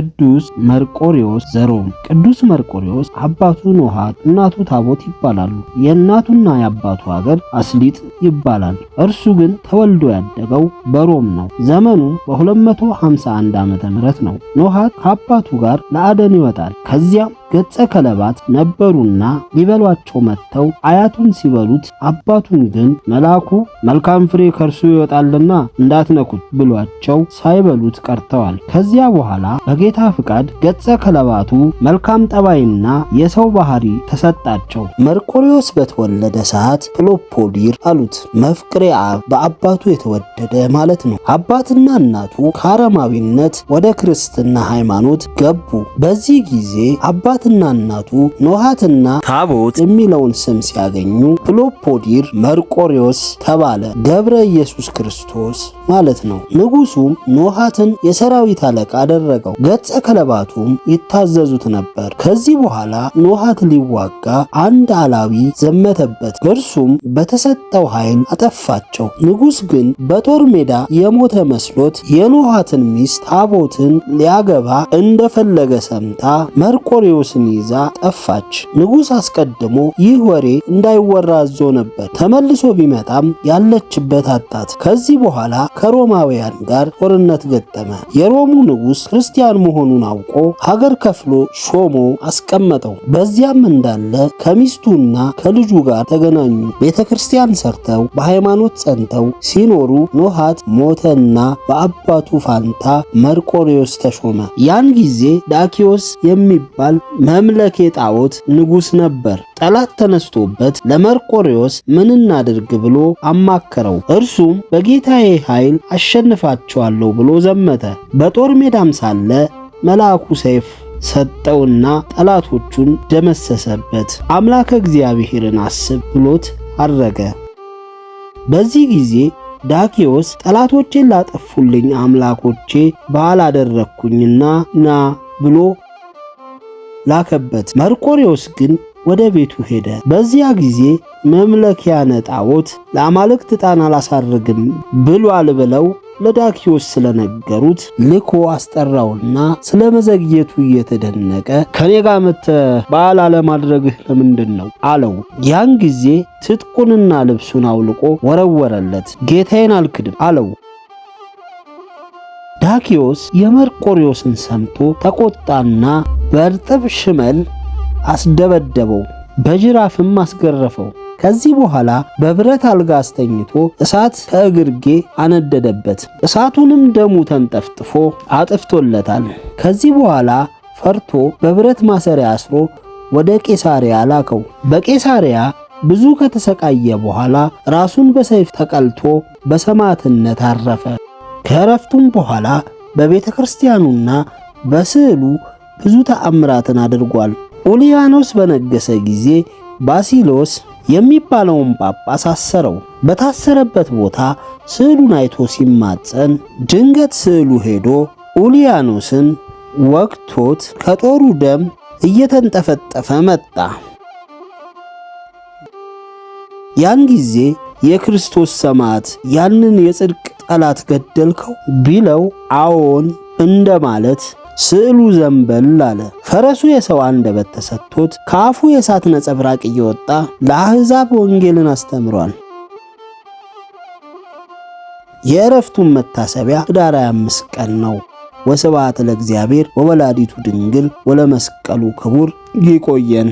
ቅዱስ መርቆሪዎስ ዘሮም። ቅዱስ መርቆሪዎስ አባቱ ኖሃ እናቱ ታቦት ይባላሉ። የእናቱና የአባቱ ሀገር አስሊጥ ይባላል። እርሱ ግን ተወልዶ ያደገው በሮም ነው። ዘመኑ በ251 ዓ ም ነው። ኖሃ ከአባቱ ጋር ለአደን ይወጣል። ከዚያም ገጸ ከለባት ነበሩና ሊበሏቸው መጥተው አያቱን ሲበሉት አባቱን ግን መልአኩ መልካም ፍሬ ከርሱ ይወጣልና እንዳትነኩት ብሏቸው ሳይበሉት ቀርተዋል። ከዚያ በኋላ በጌታ ፍቃድ ገጸ ከለባቱ መልካም ጠባይና የሰው ባህሪ ተሰጣቸው። መርቆሪዎስ በተወለደ ሰዓት ፕሎፖሊር አሉት። መፍቅሬ አብ በአባቱ የተወደደ ማለት ነው። አባትና እናቱ ከአረማዊነት ወደ ክርስትና ሃይማኖት ገቡ። በዚህ ጊዜ አባት አባትና እናቱ ኖሃትና ታቦት የሚለውን ስም ሲያገኙ ፕሎፖዲር መርቆሪዎስ ተባለ። ገብረ ኢየሱስ ክርስቶስ ማለት ነው። ንጉሱም ኖሃትን የሰራዊት አለቃ አደረገው። ገጸ ከለባቱም ይታዘዙት ነበር። ከዚህ በኋላ ኖሃት ሊዋጋ አንድ አላዊ ዘመተበት። እርሱም በተሰጠው ኃይል አጠፋቸው። ንጉስ ግን በጦር ሜዳ የሞተ መስሎት የኖሃትን ሚስት ታቦትን ሊያገባ እንደፈለገ ሰምታ መርቆሪዎስ ራስን ይዛ ጠፋች። ንጉሥ አስቀድሞ ይህ ወሬ እንዳይወራ አዞ ነበር። ተመልሶ ቢመጣም ያለችበት አጣት። ከዚህ በኋላ ከሮማውያን ጋር ጦርነት ገጠመ። የሮሙ ንጉሥ ክርስቲያን መሆኑን አውቆ ሀገር ከፍሎ ሾሞ አስቀመጠው። በዚያም እንዳለ ከሚስቱና ከልጁ ጋር ተገናኙ። ቤተ ክርስቲያን ሰርተው በሃይማኖት ጸንተው ሲኖሩ ኖሃት ሞተና በአባቱ ፋንታ መርቆሬዎስ ተሾመ። ያን ጊዜ ዳኪዎስ የሚባል መምለኬ ጣዖት ንጉስ ነበር። ጠላት ተነስቶበት ለመርቆሬዎስ ምን እናድርግ ብሎ አማከረው። እርሱም በጌታዬ ኃይል አሸንፋቸዋለሁ ብሎ ዘመተ። በጦር ሜዳም ሳለ መልአኩ ሰይፍ ሰጠውና ጠላቶቹን ደመሰሰበት። አምላከ እግዚአብሔርን አስብ ብሎት አረገ። በዚህ ጊዜ ዳኪዎስ ጠላቶቼን ላጠፉልኝ አምላኮቼ በዓል ና ብሎ ላከበት። መርቆሪዎስ ግን ወደ ቤቱ ሄደ። በዚያ ጊዜ መምለኪያ ነጣዖት ለአማልክት ዕጣን አላሳርግም ብሏል ብለው ለዳኪዎስ ስለነገሩት ልኮ አስጠራውና ስለ መዘግየቱ እየተደነቀ ከኔ ጋር መተ በዓል አለማድረግህ ለምንድን ነው አለው። ያን ጊዜ ትጥቁንና ልብሱን አውልቆ ወረወረለት። ጌታዬን አልክድም አለው። ዳኪዮስ የመርቆሪዎስን ሰምቶ ተቆጣና በእርጥብ ሽመል አስደበደበው፣ በጅራፍም አስገረፈው። ከዚህ በኋላ በብረት አልጋ አስተኝቶ እሳት ከእግርጌ አነደደበት። እሳቱንም ደሙ ተንጠፍጥፎ አጥፍቶለታል። ከዚህ በኋላ ፈርቶ በብረት ማሰሪያ አስሮ ወደ ቄሳሪያ ላከው። በቄሳሪያ ብዙ ከተሰቃየ በኋላ ራሱን በሰይፍ ተቀልቶ በሰማዕትነት አረፈ። ከእረፍቱም በኋላ በቤተ ክርስቲያኑና በስዕሉ ብዙ ተአምራትን አድርጓል። ኡሊያኖስ በነገሰ ጊዜ ባሲሎስ የሚባለውን ጳጳስ አሰረው። በታሰረበት ቦታ ስዕሉን አይቶ ሲማፀን ድንገት ስዕሉ ሄዶ ኡሊያኖስን ወቅቶት ከጦሩ ደም እየተንጠፈጠፈ መጣ። ያን ጊዜ የክርስቶስ ሰማዕት ያንን የጽድቅ ጠላት ገደልከው ቢለው አዎን እንደማለት ስዕሉ ዘንበል አለ። ፈረሱ የሰው አንደበት ተሰጥቶት ከአፉ የእሳት ነጸብራቅ እየወጣ ለአሕዛብ ወንጌልን አስተምሯል። የእረፍቱን መታሰቢያ ኅዳር 25 ቀን ነው። ወስብሐት ለእግዚአብሔር ወወላዲቱ ድንግል ወለመስቀሉ ክቡር። ይቆየን።